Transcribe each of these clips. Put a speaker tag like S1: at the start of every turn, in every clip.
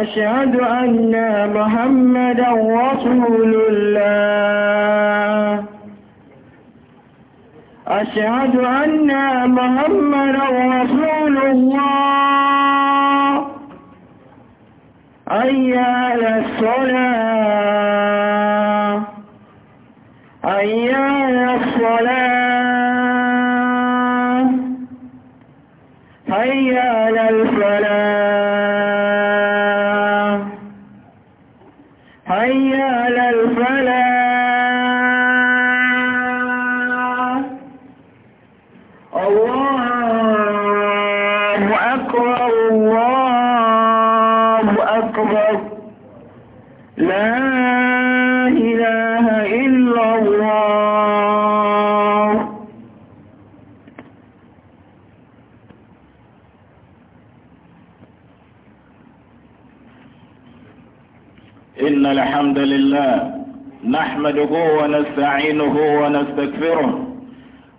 S1: وأشهد أن محمدا رسول الله أشهد أن محمدا رسول الله أي على الصلاة أي حي على الفلاح
S2: نحمده ونستعينه ونستكفره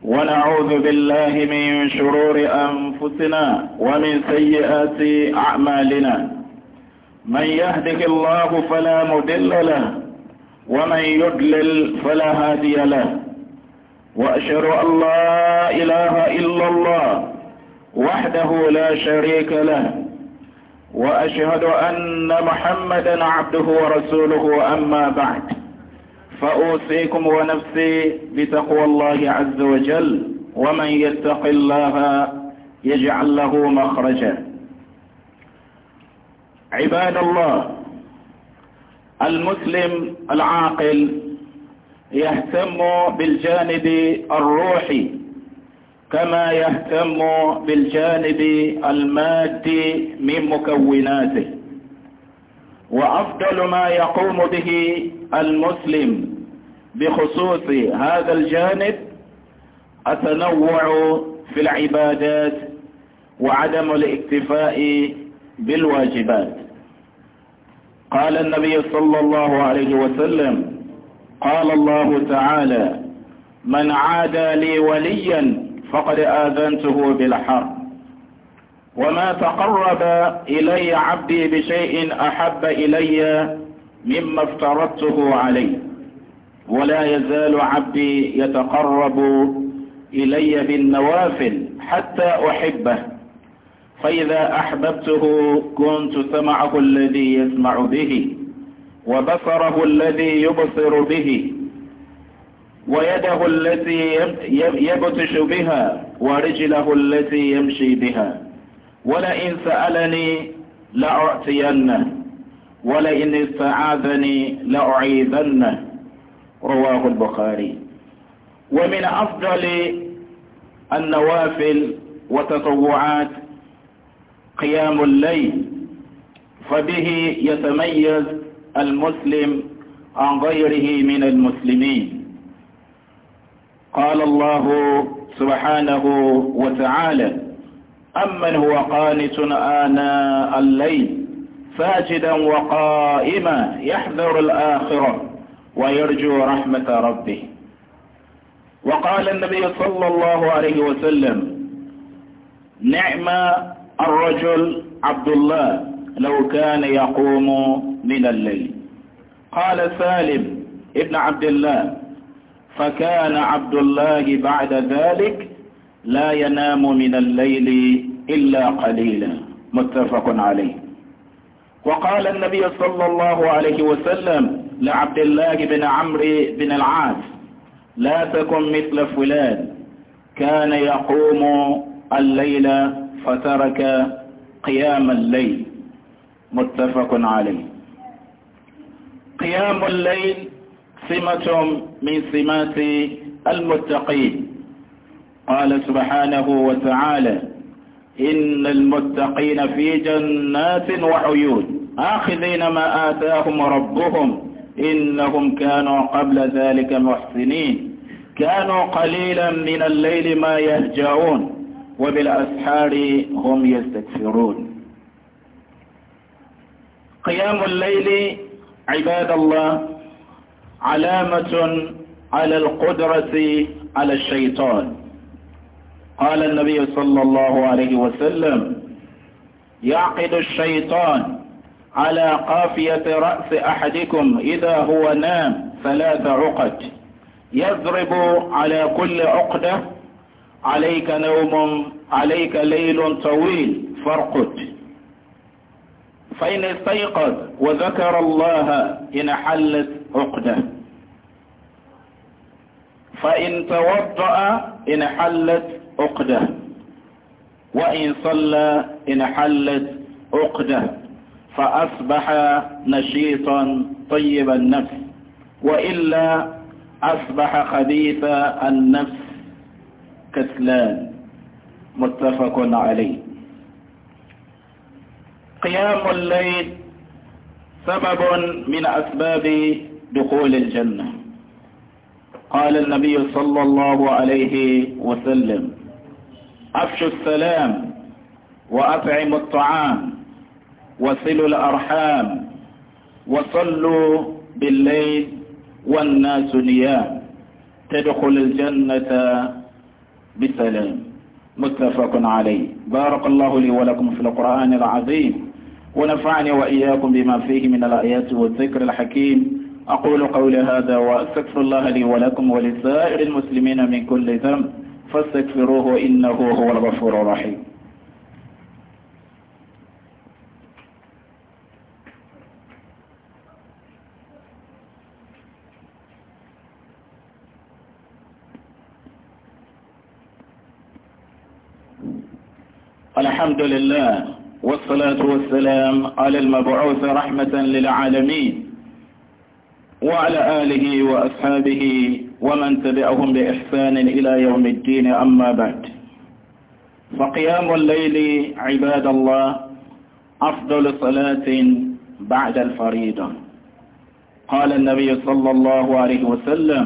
S2: ونعوذ بالله من شرور أنفسنا ومن سيئات أعمالنا من يهدك الله فلا مدل له ومن يدلل فلا هادي له وأشهد أن لا إله إلا الله وحده لا شريك له وأشهد أن محمدا عبده ورسوله أما بعد فأوصيكم ونفسي بتقوى الله عز وجل ومن يتق الله يجعل له مخرجا عباد الله المسلم العاقل يهتم بالجانب الروحي كما يهتم بالجانب المادي من مكوناته وأفضل ما يقوم به المسلم بخصوص هذا الجانب التنوع في العبادات وعدم الاكتفاء بالواجبات قال النبي صلى الله عليه وسلم قال الله تعالى من عادى لي وليا فقد آذنته بالحرب وما تقرب إلي عبدي بشيء أحب إلي مما افترضته علي ولا يزال عبدي يتقرب إلي بالنوافل حتى أحبه فإذا أحببته كنت سمعه الذي يسمع به وبصره الذي يبصر به ويده التي يبتش بها ورجله التي يمشي بها ولئن سألني لأعطينه ولئن استعاذني لأعيذنه رواه البخاري ومن أفضل النوافل وتطوعات قيام الليل فبه يتميز المسلم عن غيره من المسلمين قال الله سبحانه وتعالى أمن هو قانت آناء الليل ساجدا وقائما يحذر الآخرة ويرجو رحمة ربه وقال النبي صلى الله عليه وسلم نعم الرجل عبد الله لو كان يقوم من الليل قال سالم ابن عبد الله فكان عبد الله بعد ذلك لا ينام من الليل إلا قليلا متفق عليه وقال النبي صلى الله عليه وسلم لعبد الله بن عمرو بن العاص لا تكن مثل فلان كان يقوم الليل فترك قيام الليل متفق عليه قيام الليل سمة من سمات المتقين قال سبحانه وتعالى إن المتقين في جنات وعيون آخذين ما آتاهم ربهم إنهم كانوا قبل ذلك محسنين كانوا قليلا من الليل ما يهجعون وبالأسحار هم يستكفرون قيام الليل عباد الله علامة على القدرة على الشيطان قال النبي صلى الله عليه وسلم يعقد الشيطان على قافية رأس أحدكم إذا هو نام ثلاث عقد يضرب على كل عقدة عليك نوم عليك ليل طويل فارقد فإن استيقظ وذكر الله انحلت عقده فإن توضأ انحلت عقدة وإن صلى انحلت عقدة فأصبح نشيطا طيب النفس وإلا أصبح خبيث النفس كسلان متفق عليه قيام الليل سبب من أسباب دخول الجنة قال النبي صلى الله عليه وسلم أفشوا السلام وأطعموا الطعام وصلوا الأرحام وصلوا بالليل والناس نيام تدخل الجنة بسلام متفق عليه بارك الله لي ولكم في القرآن العظيم ونفعني وإياكم بما فيه من الآيات والذكر الحكيم أقول قولي هذا وأستغفر الله لي ولكم ولسائر المسلمين من كل ذنب فاستغفروه إنه هو الغفور الرحيم الحمد لله والصلاة والسلام على المبعوث رحمة للعالمين وعلى آله وأصحابه ومن تبعهم بإحسان إلى يوم الدين أما بعد فقيام الليل عباد الله أفضل صلاة بعد الفريضة قال النبي صلى الله عليه وسلم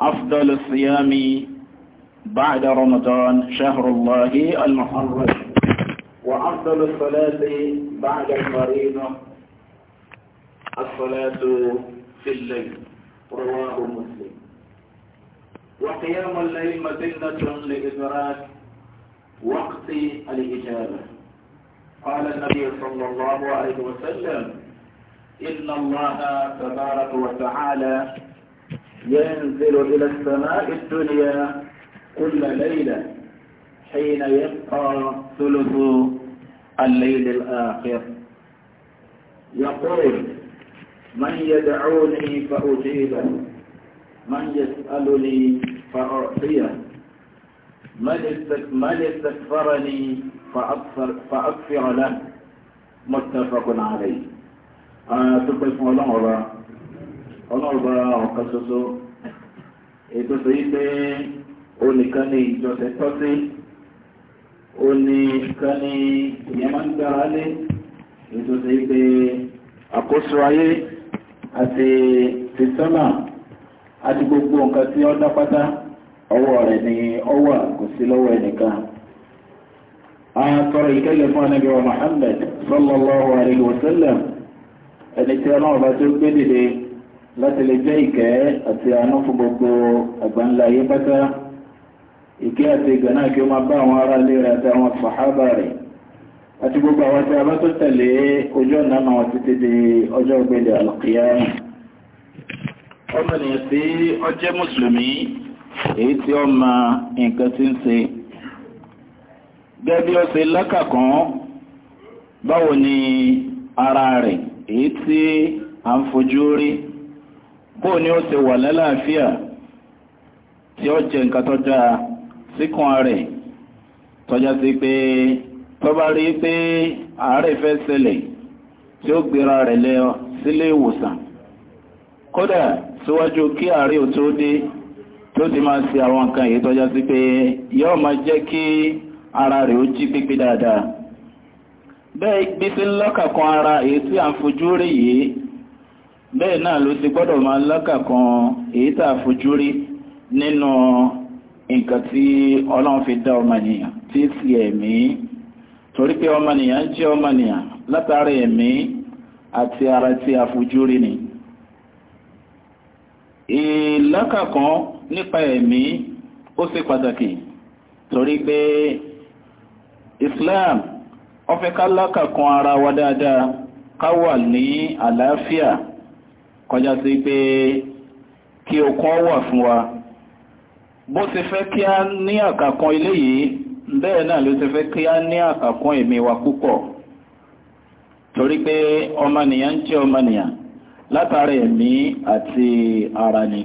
S2: أفضل الصيام بعد رمضان شهر الله المحرم وأفضل الصلاة بعد الفريضة الصلاة في الليل رواه مسلم وقيام الليل مذلة لإدراك وقت الإجابة قال النبي صلى الله عليه وسلم إن الله تبارك وتعالى ينزل إلى السماء الدنيا كل ليلة حين يبقى ثلث الليل الآخر يقول من يدعوني فأجيبه من يسألني فأعطيه من استكفرني فأكفر له متفق عليه تبقى اسم الله الله الله الله قصصه ètò sèyí pé oníkan ní ìjọsẹ tọ́sí oníkan ní ìyẹn máa ń gbára lé ètò sèyí àti tìsọ́nà àti gbogbo nǹkan tí ó dápátá ọwọ́ rẹ̀ ni ọwọ́ kò sí lọ́wọ́ ẹnìkan a tọrọ ìkẹ́lẹ̀ fún Ànábì wa Muhammad sallallahu alayhi wa sallam ẹni tí ọlọ́run bá tó gbé dìde láti lè jẹ́ ìkẹ́ àti àánú fún gbogbo àgbáńlá ayé pátá ìkẹ́ àti ìgbà náà kí ó máa bá àwọn ará ilé àti àwọn sàhábà rẹ̀ àti gbogbo àwọn tí a bá tó tẹ̀lé ojú ọ̀nà àwọn títí di ọjọ́ ìgbèlè àlùkìyámà ọmọ ènìyàn tí mùsùlùmí èyí tí ó ma nǹkan tí ń ṣe gẹ́gẹ́ bí ó báwo ni ara rẹ̀ èyí tí a ń fojú rí bó ni ó ṣe wà lálàáfíà tí ó jẹ nǹkan tó dáa síkùn rẹ̀ tọ́já sí pé tọ́ba rí i pé àárẹ̀ fẹ́ ṣẹlẹ̀ tí ó gbéra rẹ̀ lẹ sílé ìwòsàn kódà síwájú kí àárẹ̀ ò tó dé tó ti máa ṣe àwọn nǹkan èyí tọ́já sí pé yóò máa jẹ́ kí ara rẹ̀ ó jí pípé dáadáa bẹ́ẹ̀ bí sí ń ara èyí tí à ń fojú rí yìí bẹ́ẹ̀ náà ló ti gbọ́dọ̀ máa lọ́kàkan èyí tà fojú rí nínú nǹkan tí ọlọ́run fi dá ọmọ ènìyàn tí sì ẹ̀mí torí pé ọmọnìyàn jẹ́ ọmọnìyàn látàrí ẹ̀mí àti ara tí a fojú rí ni ìlọ́kàkan nípa ẹ̀mí ó ṣe pàtàkì torí pé Islam ó fẹ́ ká lọ́kàkan ara wa dáadáa ká wà ní àlàáfíà kọjá sí pé kí okun wà fún wa bó ti fẹ́ kí a ní àkàkan ilé yìí bẹ́ẹ̀ náà ló ti fẹ́ kí á ní àkàkún ẹ̀mí wa púpọ̀ torí pé ọmọnìyàn ń jẹ́ ọmọnìyàn látara ẹ̀mí àti ara ni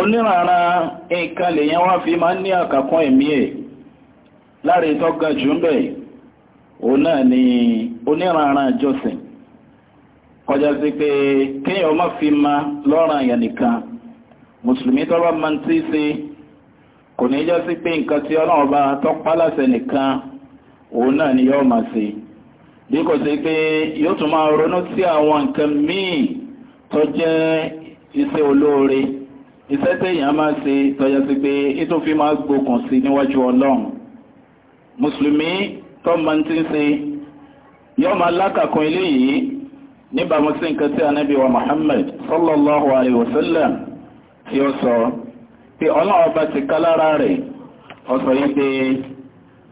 S2: onírànà nǹkan lèyàn wá fi máa ní àkàkún ẹ̀mí ẹ̀ láre tọ́ga jù ń bẹ̀ òun náà ni onírànà jọ́sìn kọjá sí pé kéèyàn má fi ma lọ́ràn nìkan mùsùlùmí máa ń tí sí kò ní jẹ́ sí pé nǹkan tí ọlọ́run bá tọ́pá láṣẹ nìkan òun náà ni yóò máa ṣe bí kò sí pé yóò tún máa ronú sí àwọn nǹkan míì tó jẹ́ iṣẹ́ olóore iṣẹ́ téèyàn máa ṣe tọ́jà sí pé ètò fi máa gbókùn sí níwájú ọlọ́run mùsùlùmí tó máa ti ń ṣe yóò máa lákàkún eléyìí níbàámu sí nǹkan tí anábìwá Muhammad sallallahu alayhi wa sallam tí ó sọ. So, pé ọlọ́run bá ti ká lára rẹ̀ ọ̀sọ̀ yìí pé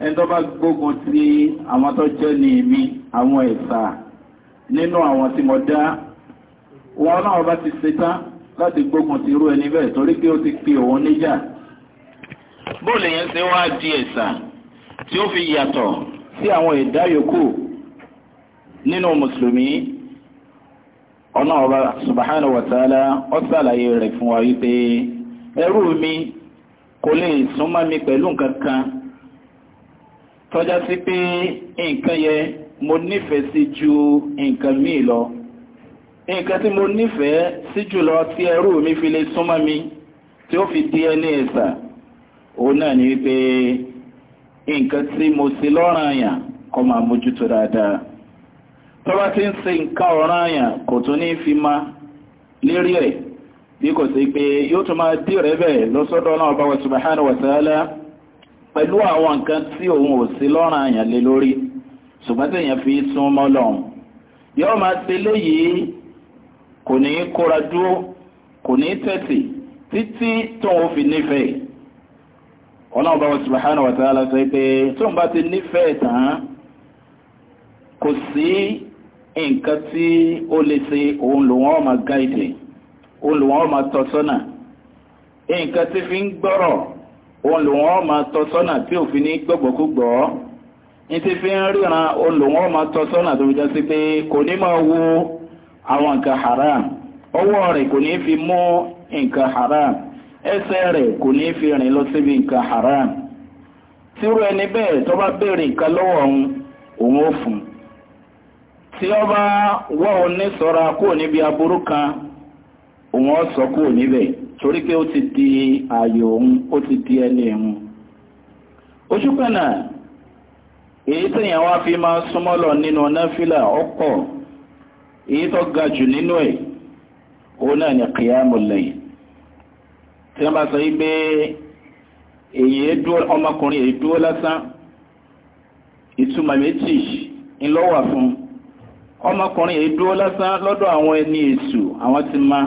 S2: ẹni tó bá gbógun ti àwọn tó jẹ́ ní mi àwọn ẹ̀sà nínú àwọn tí mo dá wọn ọlọ́run bá ti ṣetán láti gbógun ti irú ẹni bẹ́ẹ̀ torí pé ó ti pe òun níjà bóòlù yẹn ṣe wá di ẹ̀sà tí ó fi yàtọ̀ sí àwọn ẹ̀dá yòókù nínú mùsùlùmí ọ̀nà ọba subhanahu wa ta'ala ó ṣàlàyé rẹ̀ fún wa wípé ẹrú mi kò lè súnmọ́ mi pẹ̀lú nǹkan kan tọ́já sí pé nǹkan yẹ mo nífẹ̀ẹ́ sí ju nǹkan míì lọ nǹkan tí mo nífẹ̀ẹ́ sí jùlọ tí ẹrú mi fi lè súnmọ́ mi tí ó fi di ẹni ẹ̀sà òun náà ni wípé nǹkan tí mo sì lọ́ràn àyàn kó máa mójútó dáadáa tọ́ba ti ń ṣe nǹkan ọ̀ràn àyàn kò tún ní fi ma lérí ẹ̀ bí kò sí pé yóò tún máa dí rẹ̀ bẹ̀ lọ́sọ́dọ̀ náà bá wa subhanahu wa ta'ala pẹ̀lú àwọn nǹkan tí òun ò sí lọ́ràn àyàn lé lórí ṣùgbọ́n tí èèyàn fi sún mọ́ lọ́hùn yóò máa ṣe léyìí kò ní kóra sí nǹkan tí ó lè ṣe òun lòun ọ̀ gáìdì. olùwọ́n ọmọ tọ́ nǹkan tí fi ń gbọ́rọ̀ olùwọ́n ọmọ tọ́ tí tí fi ní gbọ́gbọ́kúgbọ́ ní ti fi ń ríran olùwọ́n ọmọ tọ́ tó fi jẹ́ sí pé kò ní máa wo àwọn nǹkan fi mú nǹkan haram ẹsẹ̀ rẹ̀ kò fi rìn lọ síbi nǹkan haram tírú ẹni bẹ́ẹ̀ tó bá béèrè nǹkan lọ́wọ́ òun fún tí ní sọ́ra kúrò kan òun ọ̀sọ́ kò níbẹ̀ torí pé ó ti di ààyò òun ó ti di ẹni ẹ̀hún ojúkànnà èyí tẹ̀yàn wá fi máa súnmọ́ nínú náfìlà ọ̀pọ̀ èyí tó ga jù nínú ẹ̀ òun náà ni kìyàmù lẹ́yìn tí wọ́n bá sọ yìí èyí ọmọkùnrin èyí dúró lásán ìtumọ̀ méjì fún ọmọkùnrin èyí dúró lásán lọ́dọ̀ àwọn ẹni èṣù ti máa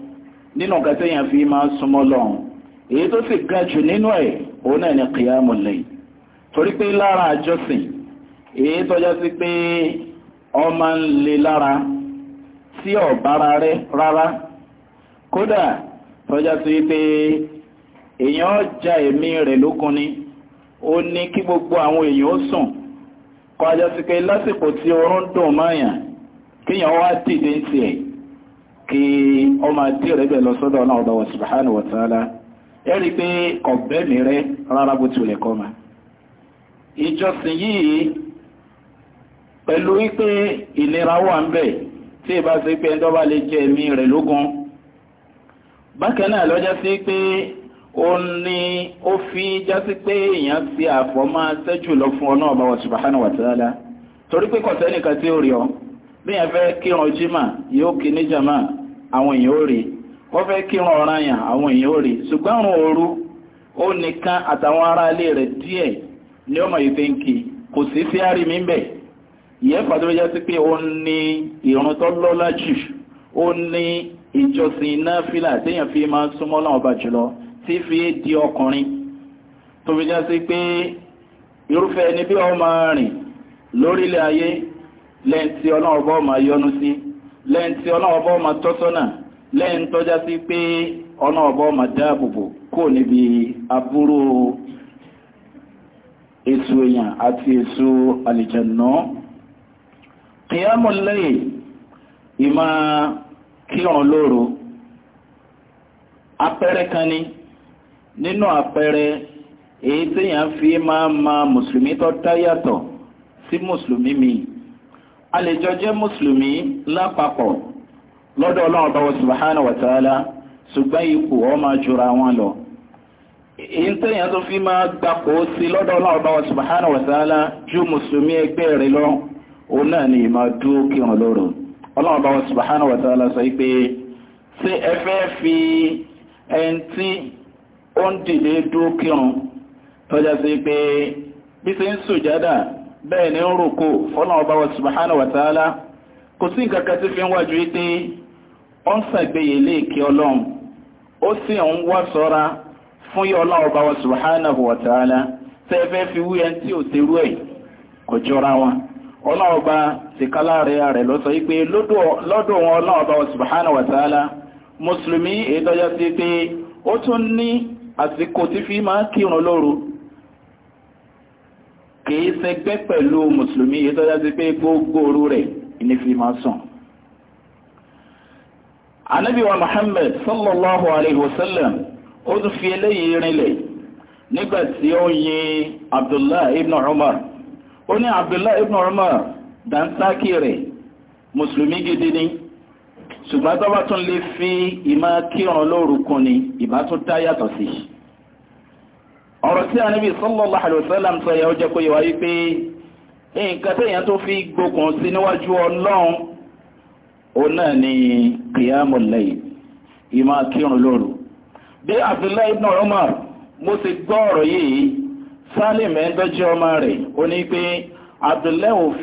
S2: nínú nǹkan tó yàn fi máa súnmọ́ lọ́hùn èyí tó sì ga jù nínú ẹ̀ òun náà ni qiyamul layl torí pé lára àjọsìn èyí tọ́já sí pé ọmọ ń le lára tí ọ̀bára rẹ rárá kódà tọ́já sí pé èèyàn ja ẹ̀mí rẹ̀ lókun ni ó ní kí gbogbo àwọn èèyàn ó sùn kọjá sí pé lásìkò tí oorun dùn máyàn kéèyàn wá dìde ń tiẹ̀ kí ọ máa dí ẹ̀rẹ́bẹ̀ lọ sọ́dọ̀ náà ọba wa subhanahu wa ta'ala ẹ̀rí pé ọ̀bẹ́ mi rẹ rárá bó tilẹ̀ kọ́ ma ìjọsìn yìí pẹ̀lú wípé ìlera wà ń bẹ̀ tí ìbá ṣe pé ẹjọ́ bá lè jẹ ẹ̀mí rẹ̀ lógún bákan náà lọ́jọ́ sí pé ó ní ó fi jásí pé èèyàn ti àfọ́ máa sẹ́jù lọ fún ọ náà ọba wa torí pé kọ̀sẹ́nìkan tí ó rí ọ bí yẹn fẹ́ kírun jimá yóò kí ní jama àwọn èèyàn ó rí wọ́n fẹ́ kírun ọ̀ranyàn àwọn èèyàn ó rí ṣùgbọ́n àrùn òru ó nìkan àtàwọn ará ilé rẹ̀ díẹ̀ ni ó mọ̀ yìí fi ń kí kò sí sí àrí mi bẹ̀ ìyẹn pàtó ló sí pé ó ní ìrun tó lọ́lá jù ó ní ìjọsìn náfìlà téèyàn fi máa súnmọ́ láwọn ọba jùlọ tí fi di ọkùnrin tó fi jẹ́ sí pé irúfẹ́ ẹni bí ó rìn lórílẹ̀ ayé lẹ́yìn ọlọ́run bá máa yọ́nú sí lẹ́yìn tí ọlọ́wọ́ bọ́ ma tọ́sọ́nà lẹ́yìn tọ́já sí pé ọlọ́wọ́ bọ́ ma dáàbòbò kò níbi aburú èso èèyàn àti èso àlìjẹ̀nà qiyamul ìmá kírun lóru apẹrẹ kan ni nínú apẹrẹ èyí tí èèyàn fi máa ma mùsùlùmí tó dáyàtọ̀ sí mùsùlùmí mìí a lè jọ jẹ́ mùsùlùmí lápapọ̀ lọ́dọ̀ ọlọ́run báwo subhanahu wa ta'ala ṣùgbọ́n ipò ọ máa jura wọn lọ èyí tẹ́yìn tó fi máa gbapò sí lọ́dọ̀ ọlọ́run báwo subhanahu wa ta'ala ju mùsùlùmí ẹgbẹ́ rẹ̀ lọ òun náà ni ìmọ̀ dúró kírun lóru ọlọ́run báwo subhanahu wa ta'ala sọ pé ṣé ẹ fẹ́ fi ẹni tí ó ń dìde dúró kírun tọ́jà sí pé bí ṣe ń sùjádà bẹ́ẹ̀ ni ń rúkú fọ́nà ọba wa subhanahu wa ta'ala kò sí nǹkan kan fi ń wájú pé ó ń sàgbéyè ilé ìkí ọlọ́run ó sì ń wá sọ́ra ọba wa subhanahu wa ta'ala tẹ́ fi wú ẹni tí jọra wọn ọba tìkálá rẹ̀ rẹ̀ lọ́sọ wípé lọ́dọ̀ wọn wa subhanahu wa ta'ala mùsùlùmí pé ó kìí ṣẹgbẹ́ pẹ̀lú mùsùlùmí yìí tọ́já sí pé gbogbo òru rẹ̀ ní fi máa sùn anabi wa muhammad sallallahu alaihi wasallam sallam ó tún fi eléyìí rinlẹ̀ nígbà ó yin abdullahi ibn umar ó ní abdullahi ibn umar dansaki rẹ̀ mùsùlùmí gidi ni ṣùgbọ́n tó bá tún lè fi ìmá kírun lóru ni ìbá tún dá yàtọ̀ sí i ọ̀rọ̀ tí Ànábì sallallahu alaihi wasallam sọ yẹ ó jẹ́ kó yẹ wá wípé nǹkan téèyàn tó fi gbókun sí níwájú ọlọ́run òun náà ni qiyamul layl Umar mo ti gbọ́ ọ̀rọ̀ yìí Salim ẹ̀ńdọ́jọ́ ọmọ rẹ̀ ó ní pé Abdullahi ò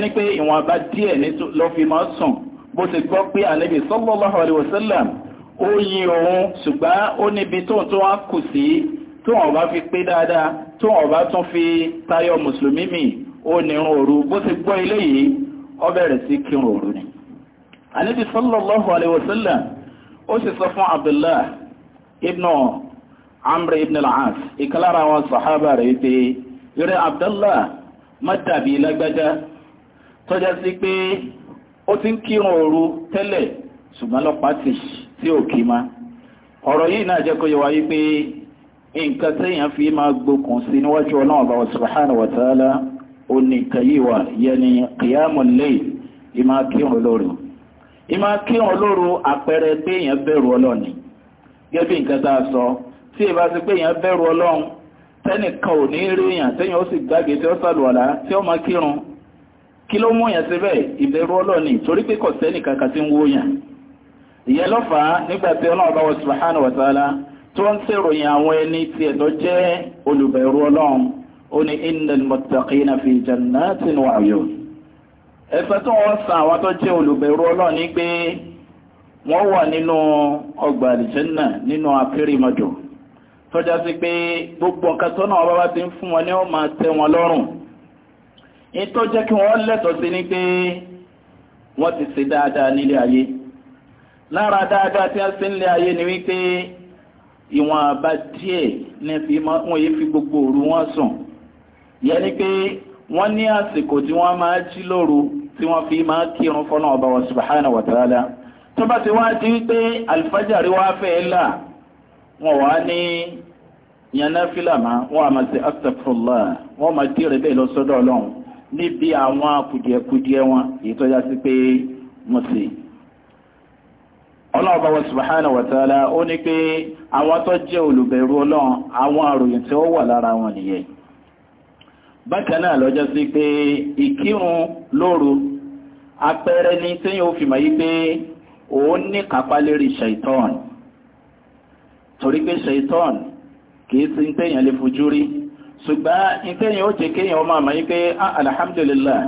S2: ni pé ìwọ̀nba díẹ̀ ló fi máa sùn bó ti gbọ́ pé Ànábì sallallahu alaihi wasallam ó yin òun ṣùgbọ́n ó níbi tó ń tó wá kù sí tó wọ́n bá fi pé dáadáa tó wọ́n bá tún fi tayọ mùsùlùmí mi ó nírun òru bó ti gbọ́ ilé yìí ó bẹ̀rẹ̀ sí kírun òru ni. àníbi sallallahu alayhi wa sallam ó sì sọ fún abdullah ibn amr ibn al-as ìkàlára àwọn sàhábà rẹ̀ wípé yọrẹ abdullah má dàbí lágbájá tọ́já sí pé ó ti ń kírun òru tẹ́lẹ̀ ṣùgbọ́n lọ́pàá ti ṣe tí ò kí ma ọ̀rọ̀ yìí náà jẹ́ kó yẹ wáyé pé nǹkan téèyàn fi máa gbókun sí níwájú ọlọ́run bá subhanahu wa ta'ala ó ní nǹkan yìí wà yẹni qiyamul layl ìmá kírun lóru ìmá kírun lóru àpẹẹrẹ pé èèyàn bẹ̀rù ọlọ́ni gẹ́gẹ́ bí nǹkan tá a sọ tí ìbá ti pé èèyàn bẹ̀rù ọlọ́run tẹ́nìkan ò ní rí èèyàn téèyàn ó sì gbàgbé tí ó sàlùwàlá tí ó máa kírun kí ló mú èèyàn síbẹ̀ ìbẹ̀rù ọlọ́ni torí pé kò sẹ́nìkan kan ti ń wó yàn ìyẹn ló fà á nígbà tí ọlọ́run bá wọ subhanahu wa ta'ala tó ń ṣèròyìn àwọn ẹni tí ẹ̀tọ́ jẹ́ olùbẹ̀rù ọlọ́run ó ní innal muttaqina fi jannatin wa uyun. ẹ̀fẹ́ tó wọ́n san àwọn tó jẹ́ olùbẹ̀rù ọlọ́run ní pé wọ́n wà nínú ọgbà àlìjẹ́nà nínú akérèmọdò tọ́já sí pé gbogbo nǹkan tó náà bá ti ń fún wọn ni wọ́n máa tẹ́ wọn lọ́rùn. ìtọ́jẹ́ kí wọ́n lẹ́tọ̀ọ́ sí ni pé wọ́n ti ṣe dáadáa nílé ayé lára dáadáa tí a ṣe ń lé ayé ni wípé ìwọ̀n àbá díẹ̀ ní fi wọ́n yìí fi gbogbo òru wọn sùn yẹ ni pé wọ́n ní àsìkò tí wọ́n máa jí lóru tí wọ́n fi máa kírun fọ́nà ọba wọn subhanahu wa ta'ala tó bá ti wá di wípé alifájàrí wá fẹ́ là wọ́n wá ní yanáfílà máa wọ́n àmà sí astagfirullah wọ́n máa dí rẹ̀ bẹ́ẹ̀ lọ sọ́dọ̀ ọlọ́run níbi àwọn kùdìẹ̀kùdìẹ̀ wọn èyí sí pé wọ́n sì ọlọ́ọ̀bá wa subhanahu wa ta'ala ó ní pé àwọn tó jẹ́ olùbẹ̀rù ọlọ́run àwọn àròyìn tí ó wà lára wọn nìyẹn bákan náà lọ́jọ́ sí pé ìkírun lóru apẹẹrẹ ni tí yóò fi mọ̀ yí pé òun ní kápá lérí ṣaitan torí pé ṣaitan kìí sí téèyàn lè fojú rí ṣùgbọ́n téèyàn ó jẹ́ kéèyàn ọmọ àmọ́ yí pé ah, alhamdulillah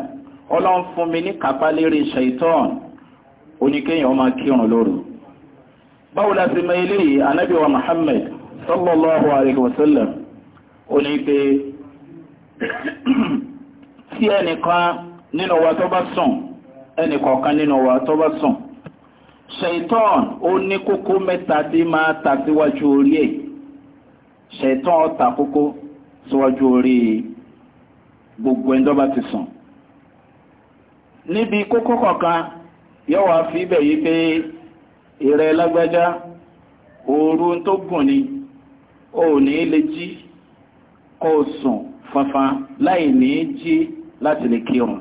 S2: ọlọ́run fún mi ní kápá lérí ṣaitan oníkéèyàn ọmọ kírun lóru báwo ti mọ wa Muhammad sallallahu alayhi wa sallam ó ní pé tí ẹnìkan nínú wa tó bá sùn ẹnìkọ̀ọ̀kan nínú wa tó bá sùn ṣèitán ó ní kókó mẹ́ta tí máa ta síwájú orí ẹ̀ ṣèitán ta kókó síwájú orí gbogbo ẹni ti sùn
S1: níbi kókó
S2: kọ̀ọ̀kan yóò wá fi ibẹ̀ yí ìrẹ lágbájá òru tó gùn ni ò ní lè jí kó sùn fanfan láì ní jí láti lè kírun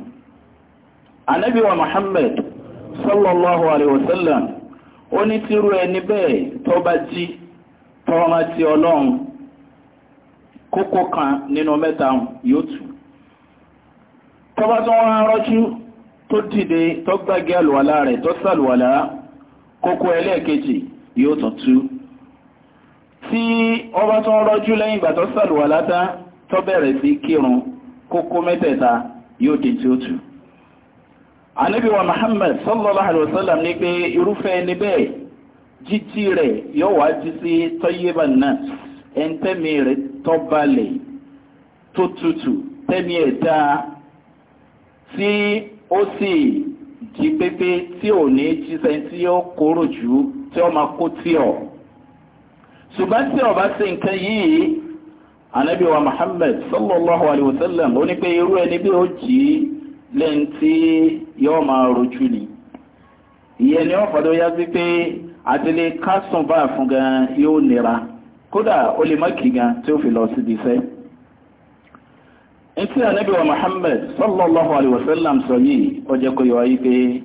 S2: ànábì wa Muhammad sallallahu alaihi wasallam ó ní tírú ẹni bẹ́ẹ̀ tó bá jí tọ́ọ́má ti ọlọ́run kókó kan nínú mẹ́ta yóò tù tọ́bá tó wọ́n rọ́jú tó dìde tó àlùwàlá rẹ̀ tó kókó ẹlẹ́ẹ̀kejì yóò tún tú tí ọba tó ń rọ́jú lẹ́yìn ìgbà tó sàlùwà látá tó bẹ̀rẹ̀ sí kírun kókó mẹ́tẹ̀ẹ̀ta yóò dé tí ó tú Ànábì Muhammad sallallahu alaihi wasallam ní pé irúfẹ́ ẹni bẹ́ẹ̀ jíjí rẹ̀ yóò wá jí sí tọ́yébà náà rẹ̀ tó balẹ̀ tó ji pépé tí ò ní jíṣẹ́ tí ó kóró jù tí ó máa kó tí ọ ṣùgbọ́n tí ọba ṣe nǹkan yìí anabi wa Muhammad sallallahu alayhi wa sallam ó ní pé irú ẹni bí ó ji lẹ́yìn tí yóò máa rojú ni ìyẹn ni wọ́n fọdọ́ yá sí pé àtìlẹ́ kásùn bá fún gan yóò nira kódà ó lè má etí ànábì wa Muhammad sallallahu alaihi wasallam sallam sọ yìí ó jẹ́ kó yọ ayé pé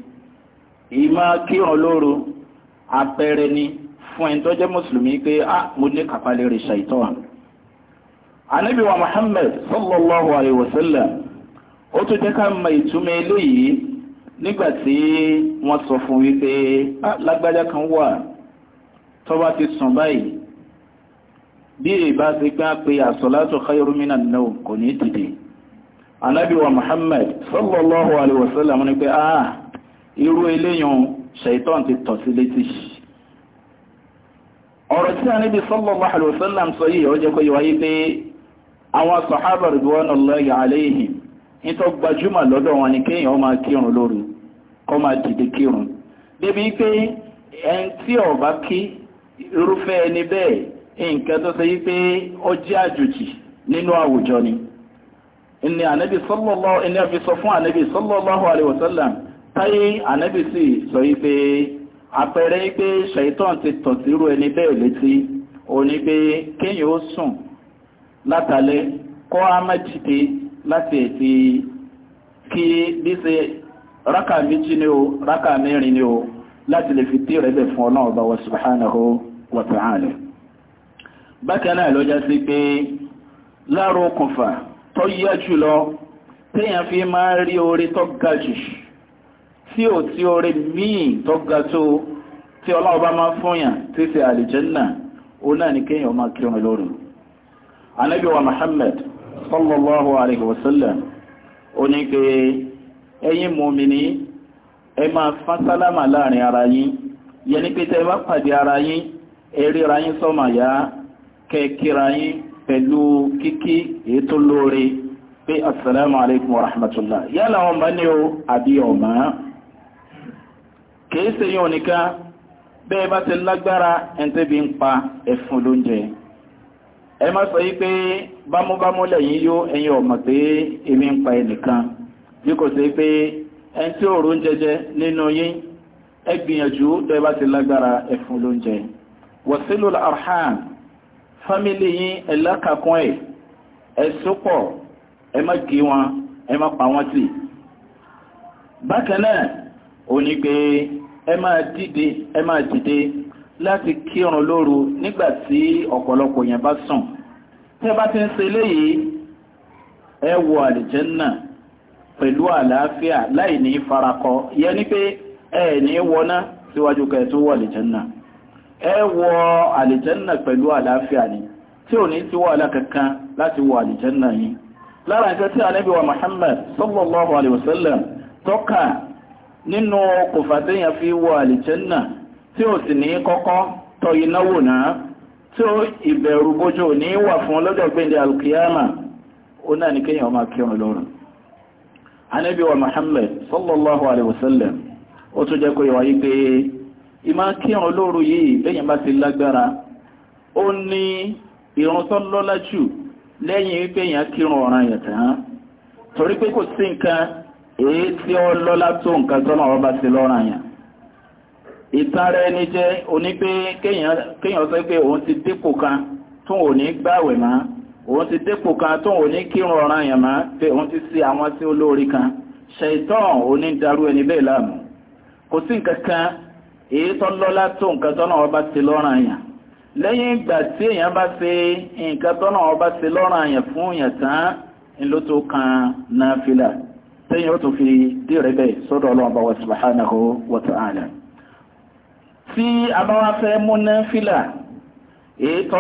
S2: ìmá kírun lóru àpẹẹrẹ ni fún ẹni jẹ́ mùsùlùmí pé a ah, mo ní kàpá lè rí ṣàìtàn wa Muhammad sallallahu alaihi wasallam sallam ó tún jẹ́ ká mọ ìtumọ̀ eléyìí nígbàtí wọ́n sọ fún wípé ah, lágbájá kan wà tó bá ti sùn báyìí bí ìbá ti gbá pé àsọ̀látò khairu minan nawm kò ní dìde anábíwa muhammad sallallahu alaihi wasallam ní pé ah irú eléyàn shaitan ti tọ̀ sí létí ọ̀rọ̀ tí a níbi sallallahu alaihi wasallam sọ yìí ó jẹ́ kó yíwáyé pé àwọn sàhábà ridwanullahi alaihim ní tó gbajúmọ̀ lọ́dọ̀ wọn ni kéèyàn máa kírun lóru kó máa dìde kírun débi pé ẹni tí ó kí irúfẹ́ ẹni bẹ́ẹ̀ nǹkan tó ṣe yí pé ó jẹ́ àjòjì nínú àwùjọ ni ìní ànábì sallallahu ìní àfi sọ fún ànábì sallallahu alaihi táyé ànábì sì sọ yí pé àpẹẹrẹ yí pé ti tọ̀ sírú ẹni bẹ́ẹ̀ létí òní pé kéèyàn ó sùn látàlẹ́ kọ́ á má jìde láti kí bí ṣe ni o rákà mẹ́rin ni o láti lè fi tí rẹ̀ bẹ̀ fún wa bákan náà ló já sí pé láàrú okùnfà tó yá jùlọ téèyàn fi máa rí oore tó ga jù tí ò tí oore míì tó ga tó tí ọlọ́run máa fún tí ṣe àlìjẹ́nà ó náà ní kéèyàn máa kírun lóru ànábì Muhammad sallallahu alaihi wasallam. sallam ó ní pé ẹ̀yin mùmínì ẹ máa fán sálámà láàrin ara yín yẹn ni pé tẹ́ bá pàdé ara yín ẹ ríra yín sọ́mà yá kẹ́kíra yín pẹ̀lú kíkí èyí tó lóore pé assalamu alaikum wa rahmatullah yálà ọmọ ni o àbí ọmọ kìí ṣe yóò nìkan bẹ́ẹ̀ bá ti lágbára ẹ̀ńtẹ́ bí ń pa ẹ̀fún lóúnjẹ ẹ má sọ yí pé bámúbámú lẹ́yìn yó ẹ̀yin ọmọ pé èmi ń pa ẹnìkan bí kò sí pé ẹni tí òòrùn jẹjẹ nínú yín ẹ gbìyànjú bẹ́ẹ̀ bá ti lágbára ẹ̀fún lóúnjẹ wasilu al-arham fámílì yín ẹ̀lákàkún ẹ̀ ẹ̀sọ́pọ̀ ẹ má kí wọn ẹ má pa wọn tì bákan náà ò ní pé ẹ máa dìde ẹ máa dìde láti kírun lóru nígbà tí ọ̀pọ̀lọpọ̀ yẹn bá sùn tí ẹ bá ti ń ṣe eléyìí ẹ wọ àlìjẹ́nnà pẹ̀lú àlàáfíà láì ní farakọ yẹ ní pé ẹ ní wọná síwájú kẹ́ẹ̀ tó wọ àlìjẹ́nnà ẹ wọ àlìjẹ́nà pẹ̀lú àlàáfíà ni tí ò ní tí wọ́n alákankan láti wọ àlìjẹ́nà yìí lára ìfẹ́ tí Ànábì wa Muhammad sallallahu alaihi wasallam tọ́ka nínú kòfàdéyàn fi wọ àlìjẹ́nà tí ò sì ní kọ́kọ́ tọ ináwò náà tí ó ìbẹ̀rù bójú ní wà fún lọ́jọ́ gbẹ̀ndẹ̀ alkiyama ó náà ní kéèyàn máa kírun lọ́rùn Ànábì wa sallallahu alaihi wasallam ó tún jẹ́ kó yọ wáyé pé ìmá kírun lóru yìí lẹ́yìn bá ti lágbára ó ní ìrun tó lọ́lá jù lẹ́yìn wípé èèyàn kírun ọ̀ràn yẹn tán torí pé kò sí nǹkan èyí tí ó lọ́lá tó nǹkan tó náà bá ti lọ́ràn yẹn ìtara ẹni jẹ́ onígbé kéèyàn sọ pé òun ti dépò kan tó ò ní gbàwẹ̀ mọ́ òun ti dépò kan tó ò ní kírun ọ̀ràn yẹn mọ́ pé òun ti sí àwọn sí olórí kan ṣèitán òní darú ẹni bẹ́ẹ̀ láàmú kò sí nǹkan kan èyí tó lọ́lá tó nǹkan tọ́nà ọba ti lọ́ràn àyàn lẹ́yìn ìgbà tí èèyàn bá ṣe nǹkan tọ́nà ọba ti lọ́ràn àyàn fún èèyàn tán ló tó kan náfìlà tẹ́yìn ó tó fi dìrẹ́ bẹ́ẹ̀ sọ́dọ̀ ọlọ́run bá wa subhanahu wa ta'ala tí a bá wá fẹ́ mú náfìlà èyí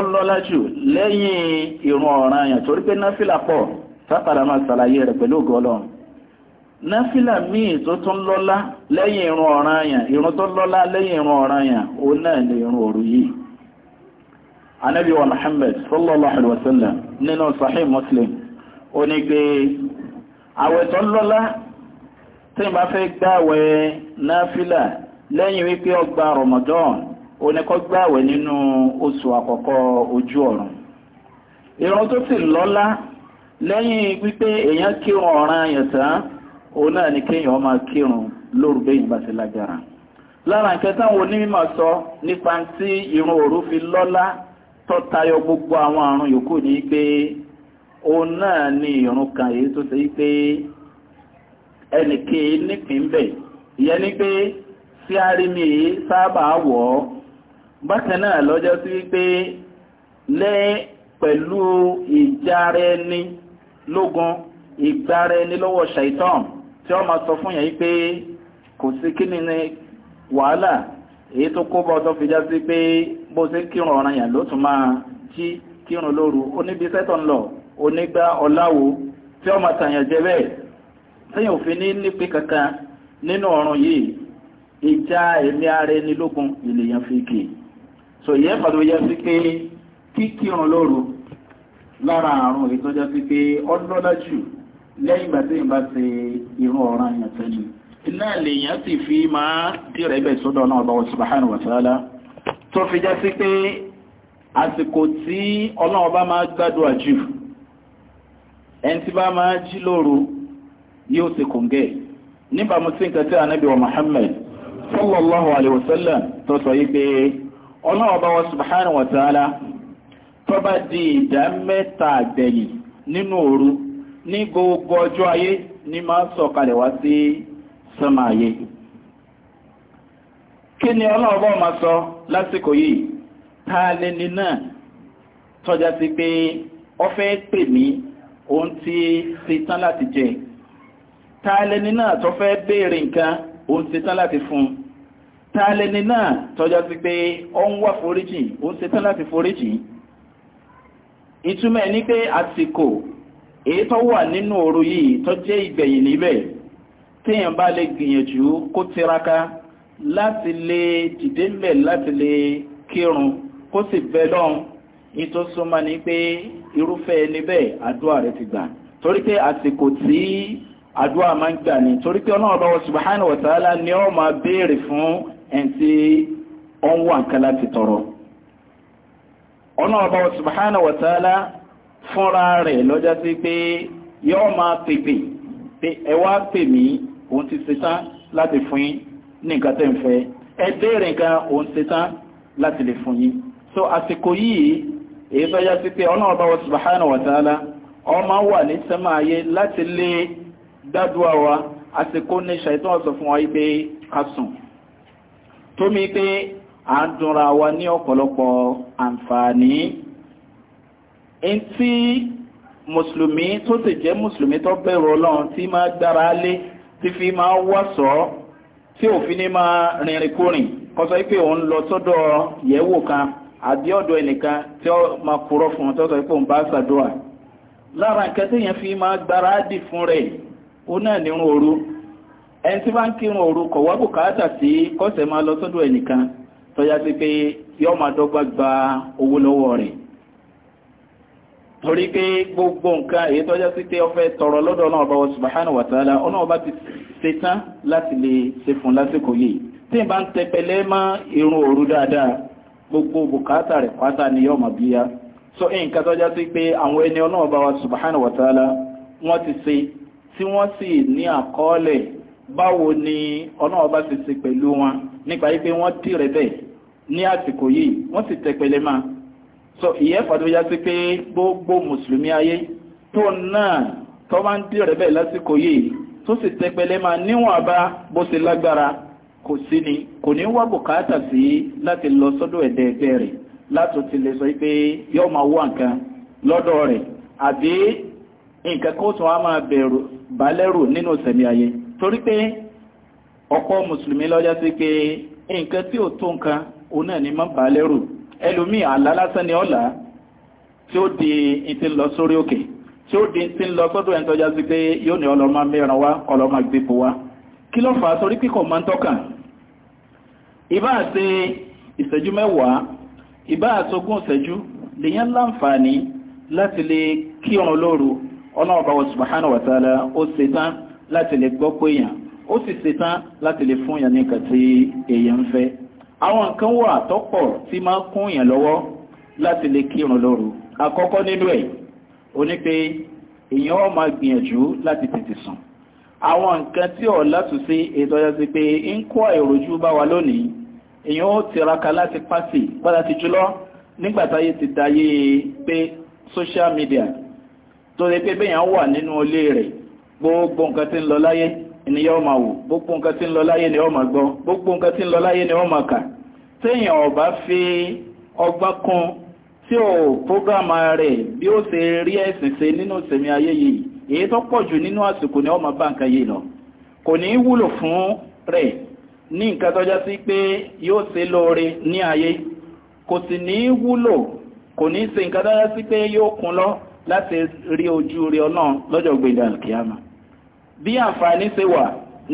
S2: Nafila míì tó tún lọ́lá lẹ́yìn irun anya irun tó lọ́lá lẹ́yìn irun anya òun náà ni irun òru yìí anabi wa muhammad sallallahu alaihi wa sallam nínú sahih muslim ó ní pé àwẹ̀ tó lọ́lá tí n bá fẹ́ gbàwẹ̀ náfìlà lẹ́yìn wípé ramadan ó ní nínú oṣù àkọ́kọ́ ojú ọ̀run irun tó sì lọ́lá lẹ́yìn wípé èèyàn kírun tán òun náà ni kéèyàn máa kírun lóru béèyàn bá ti lágbára lára nǹkan táwọn onímọ̀ sọ nípa tí irun òru fi lọ́lá tó tayọ gbogbo àwọn àrùn yòókù ní pé òun náà ni irun kan èyí tó ṣe pé ẹnìkéè nípìn bẹ̀ ìyẹn ni pé tí a rí mi èyí sábà wọ̀ ọ́ bákan náà lọ́jọ́ sí wípé lẹ́ pẹ̀lú ìjára ẹni lógun ìgbára ẹni lọ́wọ́ ṣàìtàn tí wọ́n máa sọ fún yẹn pé kò sí kí ni wàhálà èyí tó kó bọ́ tó fi já sí pé bó ṣe kírun ọ̀ràn yẹn ló tún máa jí kírun lóru oníbi sẹ́tọ̀ ń lọ onígbà ọ̀làwò tí wọ́n máa tàyàn jẹ bẹ́ẹ̀ sẹ́yìn òfin ní nípe kankan nínú ọ̀run yìí ìjà ẹ̀mí ara ẹni lógun ènìyàn fi kì so ìyẹn pàdé yẹ sí pé kíkírun lóru lára àrùn èyí tó já sí pé ọlọ́lá jù lẹ́yìn ìgbà tí ìbá ti irú ọ̀ràn èèyàn tẹ́lẹ̀ iná fi máa ibẹ̀ náà Allah subhanahu wa ta'ala tó fi já sí pé àsìkò tí ọlọ́run máa jù ẹni tí bá máa jí lóru yóò sì kòǹgẹ́ níbàámu sí nǹkan tí nke wa Muhammad sallallahu alaihi wasallam tó sọ yí pé wa subhanahu wa ta'ala tó bá di ìdá ní gbogbo ọjọ́ ayé ní máa sọ̀kalẹ̀ wá sí sánmà ayé kí ni ọlọ́ọ̀bọ́ máa sọ lásìkò yìí ta lẹni náà tọ́já sí pé ọ fẹ́ pè mí òun ti fi tán láti jẹ ta lẹni náà tọ́ fẹ́ béèrè nǹkan òun ti tán láti fún ta lẹni náà tọ́já sí pé ọ ń wá foríjì òun ti tán láti foríjì ìtumọ̀ ní pé àsìkò èyí tó wà nínú òru yìí tó jẹ́ ìgbẹ̀yìn níbẹ̀ téèyàn bá lè gbìyànjú kó tiraka láti lè dìde ńbẹ̀ láti lè kírun kó sì bẹ lọ́n ìtòsúnmọ́ ni pé irúfẹ́ ẹni bẹ́ẹ̀ àdúrà rẹ̀ ti gbà torí pé àsìkò tí àdúrà máa ń gbà ní torí pé ọlọ́run lọ́wọ́ fúnra rẹ̀ lọ́jọ́ sí pé yọ́ máa pèpè pé ẹ wá pè mí òun ti ṣetán láti fún yín ní nǹkan tẹ́ ń fẹ́ ẹ béèrè nǹkan òun ṣetán láti lè fún yín so àsìkò yìí èyí tọ́já sí pé ọlọ́run bá wa subhanahu wa ta'ala ọmọ wà ní sẹ́mà ayé láti lé dádúwà wa àsìkò ní ẹni tí mùsùlùmí tó sì jẹ́ mùsùlùmí tó bẹ̀rù ọlọ́run tí máa dára lé tí fi máa wàṣọ tí òfin ní máa rìnrìn kúrìn kọ́sọ́ pé òun lọ sọ́dọ̀ yẹ̀wò kan àbí ọ̀dọ̀ ẹnìkan tí ó máa purọ́ fún un tó sọ pé òun bá ṣàdúrà lára nǹkan tí yẹn fi máa gbára dì fún rẹ̀ ó náà nírun òru ẹni tí bá ń kírun òru kọ̀ wá bùkátà sí kọ́sẹ̀ máa lọ sọ́dọ̀ ẹnìkan tọ́já sí pé yọ́ máa dọ́gba gba owó lọ́wọ́ rẹ̀ torí pé gbogbo nǹkan èyí tó jẹ́ sí pé ó fẹ́ tọrọ lọ́dọ̀ ọ̀nà ọba subhanahu wa ta'ala ọ̀nà ọba ti ṣe tán láti lè ṣe fún lásìkò yìí tí n bá ń tẹpẹlẹ́ mọ́ irun òru dáadáa gbogbo bùkátà rẹ̀ pátá ni yóò mọ̀ bíyá so nǹkan tó sí pé àwọn ẹni ọ̀nà ọba subhanahu wa wọ́n ti ni ọ̀nà ọba ti so ìyẹn fàdó ya sí pé gbogbo mùsùlùmí ayé tó náà tó máa ń dí rẹ̀ bẹ́ẹ̀ lásìkò yìí tó sì tẹpẹlẹ máa níwọ̀n bá bó ṣe lágbára kò sí ni kò ní wá bùkátà sí láti lọ sọ́dọ̀ ẹ̀dẹ́ ẹgbẹ́ rẹ̀ látò ti lè sọ pé yóò máa wá nǹkan lọ́dọ̀ rẹ̀ àbí nǹkan kó tún á máa bẹ̀rù balẹ́rù nínú ìsẹ̀mí ayé torí pé ọ̀pọ̀ mùsùlùmí lọ́jà sí pé nǹkan tí ò tó nǹkan òun náà ni máa balẹ́rù ẹlòmíì àlá lásán ni ọ̀la tí ó di ìtì ń lọ sórí òkè tí ó di ìtì ń lọ sọ́dọ̀ ẹ̀ ń tọ́já sí pé yóò ní ọlọ́mọ mẹ́ran wá ọlọ́mọ gbépo wá kí ló fà á sórí kíkọ̀ máa ń tọ́ka ìbá àti ìṣẹ́jú mẹ́wàá ìbá àtogún ìṣẹ́jú lèyàn láǹfààní láti lè kí ọ̀run lóru ọlọ́run bá wa subhanahu wa àwọn nǹkan wà tọ́pọ̀ tí máa kún èèyàn lọ́wọ́ láti lè kírun lóru àkọ́kọ́ nínú ẹ̀ o ní pé èèyàn ó máa gbìyànjú láti tètè sùn àwọn nǹkan tí ọ̀ látúnṣe ètò ọjọ́ sí pé ń kó àìròjú bá wa lónìí èèyàn ó tiraka láti pàṣẹ pàtàkì jùlọ nígbàtáyé ti dayé pé social media tó lè pé bẹ́yàn wà nínú ilé rẹ̀ gbogbo nǹkan tí ń lọ láyé ni yọ́ ma wò gbogbo nǹkan tí ń lọ láyé ni ó ma gbọ́ gbogbo nǹkan tí ń lọ láyé ni ó ma kà téèyàn ò bá fi ọgbọ́n kún tí ò prógámà rẹ̀ bí ó ṣe rí ẹ̀sìn ṣe nínú ìsẹ̀mí ayé yìí èyí tó pọ̀ jù nínú àsìkò ni ó ma bá nǹkan yìí lọ kò ní wúlò fún rẹ̀ ní nǹkan tọ́já sí pé yóò ṣe lóore ní ayé kò sì ní wúlò kò ní ṣe nǹkan tọ́já sí pé yóò kún lọ láti rí ojú rẹ̀ ọ̀nà lọ́jọ́ gbẹ̀dẹ̀ alkiyama bí àǹfààní ṣe wà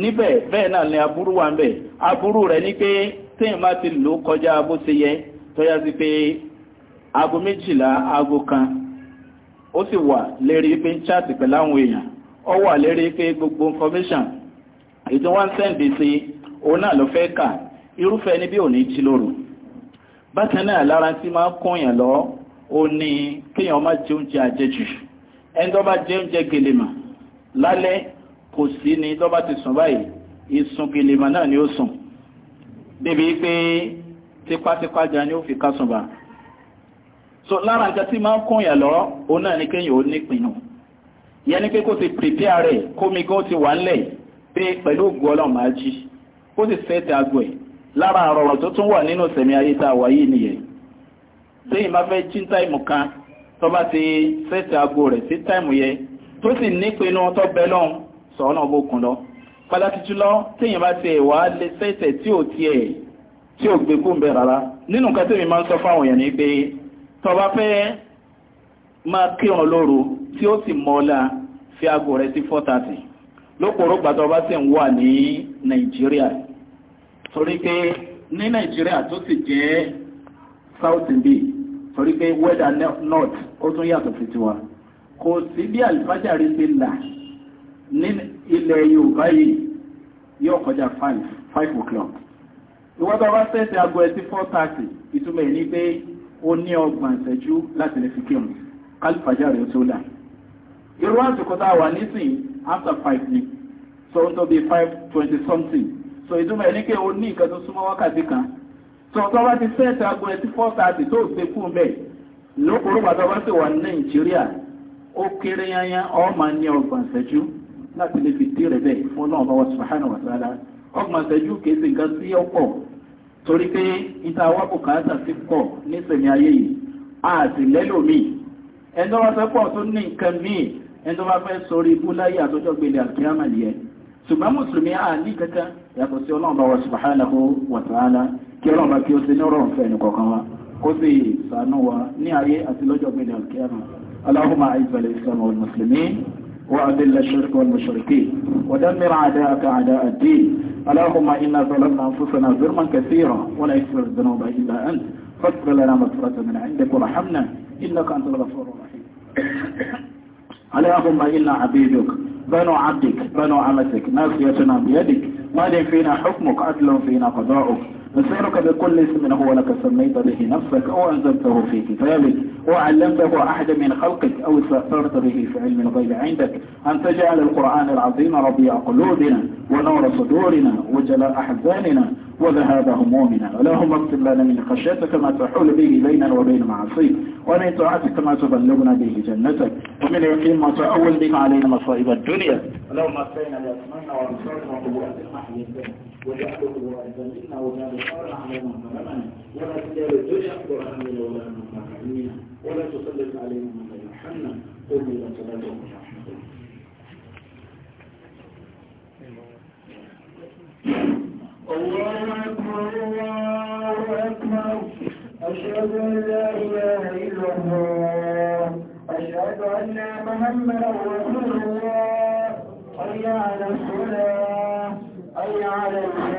S2: níbẹ̀ bẹ́ẹ̀ náà ni aburú wà ń ní pé téèyàn bá ti lò kọjá bó ṣe yẹ sí pé aago méjìlá aago kan ó sì wà lérí pé ń chat èèyàn ó wà lérí pé gbogbo information wọn sẹ́ǹdì sí òun náà fẹ́ kà irúfẹ́ ní bí òní bákan náà lára tí máa kóyàn lọ ó ní má jẹ oúnjẹ àjẹjù ẹni tó bá jẹ kò sí ni tó bá ti sùn báyìí ìsùn gìlìmọ̀ náà ni ó sùn débi pé tipátipá jà ni ó fi kásùn bá so lára nǹkan tí máa ń kún yàn lọ náà ni kéèyàn ó nípinnu yẹn ni pé kó ti prepare rẹ̀ kómi kó ti wà ńlẹ̀ pé pẹ̀lú ògùn ọlọ́run máa jí kó ti fẹ́ ti agbo ẹ̀ lára àrọ̀rọ̀ tó tún wà nínú sẹ̀mí ayé tá a wà yìí nìyẹn téèyàn bá fẹ́ jí táìmù kan tó bá ti fẹ́ ti agbo rẹ̀ sí táìmù yẹn tó sì nípinnu tó bẹ lọ́hùn sọ̀rọ̀ náà bó kun lọ pàtàkì jùlọ téèyàn bá tiẹ̀ wá lé sẹ́sẹ̀ tí ò tiẹ̀ tí ò gbé kún bẹ̀ rárá nínú nǹkan tèmi máa ń sọ fáwọn èèyàn ni pé tó bá fẹ́ máa kírun lóru tí ó sì mọ́lá fi aago rẹ̀ sí four thirty lóporó gbàtọ́ sì ń wà ní nàìjíríà torí pé ní nàìjíríà tó sì jẹ́ south bíi torí pé weather north ó tún yàtọ̀ sí tiwa kò sí bí àlùfájà rí ti là ilẹ̀ Yorùbá yìí yóò kọjá 5 5 o'clock ìwọ́n bá wá sẹ́ẹ̀sì aago ẹtí 4:30 ìtumọ̀ ní pé ó ní ọgbọ̀n ìṣẹ́jú láti lè fi kírun kálífàjá rẹ̀ tó là irú àsìkò tá a wà nísìn after 5 ni so ó tó bí 5:20 something so ìtumọ̀ ní pé ó ní nǹkan tó súnmọ́ wákàtí kan so tó bá ti sẹ́ẹ̀sì aago ẹtí 4:30 tó gbé kú mẹ́ẹ̀ lókòrò bàtà bá sì wà ní Nàìjíríà ó kéré yányá ọ́ máa ní ọgbọ̀n ìṣẹ́jú láti lè fi dé rẹ̀ bẹ́ẹ̀ fún ọlọ́run bá wa subhanahu wa ta'ala ọgbọ̀n àtẹ́jú kéésì nǹkan sí ọ̀pọ̀ torí pé níta wá bùkátà sí pọ̀ ní sẹ̀mí ayé yìí àti lẹ́lòmíì ẹni tó bá fẹ́ pọ̀ tó ní nǹkan míì ẹni tó bá fẹ́ sórí ibú láyé àtọ́jọ́ gbélé àkíyàmà nìyẹn ṣùgbọ́n mùsùlùmí à ní kankan yàtọ̀ sí ọlọ́run bá wa wa ta'ala kí ọlọ́run bá kí ó ṣe ní ọ̀rọ̀ ọ̀fẹ́ nìkọ̀ọ̀kan wa kó sì ṣàánú wa ní ayé àti gbélé àkíyàmà اللهم أعز الإسلام والمسلمين وأذل الشرك والمشركين ودمر أعداءك أعداء الدين اللهم إنا ظلمنا أنفسنا ظلما كثيرا ولا يغفر الذنوب إلا أنت فاغفر لنا مغفرة من عندك وارحمنا إنك أنت الغفور الرحيم اللهم إنا عبيدك بنو عبدك بنو عمتك ناصيتنا بيدك ما فينا حكمك عدل فينا قضاؤك نسألك بكل اسم هو لك سميت به نفسك أو أنزلته في كتابك وعلمته أحد من خلقك أو استأثرت به في علم الغيب عندك أن تجعل القرآن العظيم ربيع قلوبنا ونور صدورنا وجلاء أحزاننا وذهاب همومنا اللهم اكتب لنا من خشيتك ما تحول به بيننا وبين معصيك ومن طاعتك ما تبلغنا به جنتك ومن يقين ما تأول به علينا مصائب الدنيا اللهم اغفر لنا يا سمعنا وبصرنا وقواتنا وتحقق وأيضا إنه لا يقر على من ولا تجعل الدنيا أكبر همنا ولا مبلغ ولا تسلط عليهم من لا قل إلى صلاتكم ورحمة
S1: الله الله أكبر الله أكبر أشهد أن لا إله إلا الله أشهد أن محمدا رسول الله حي على الصلاة أي عالم الناس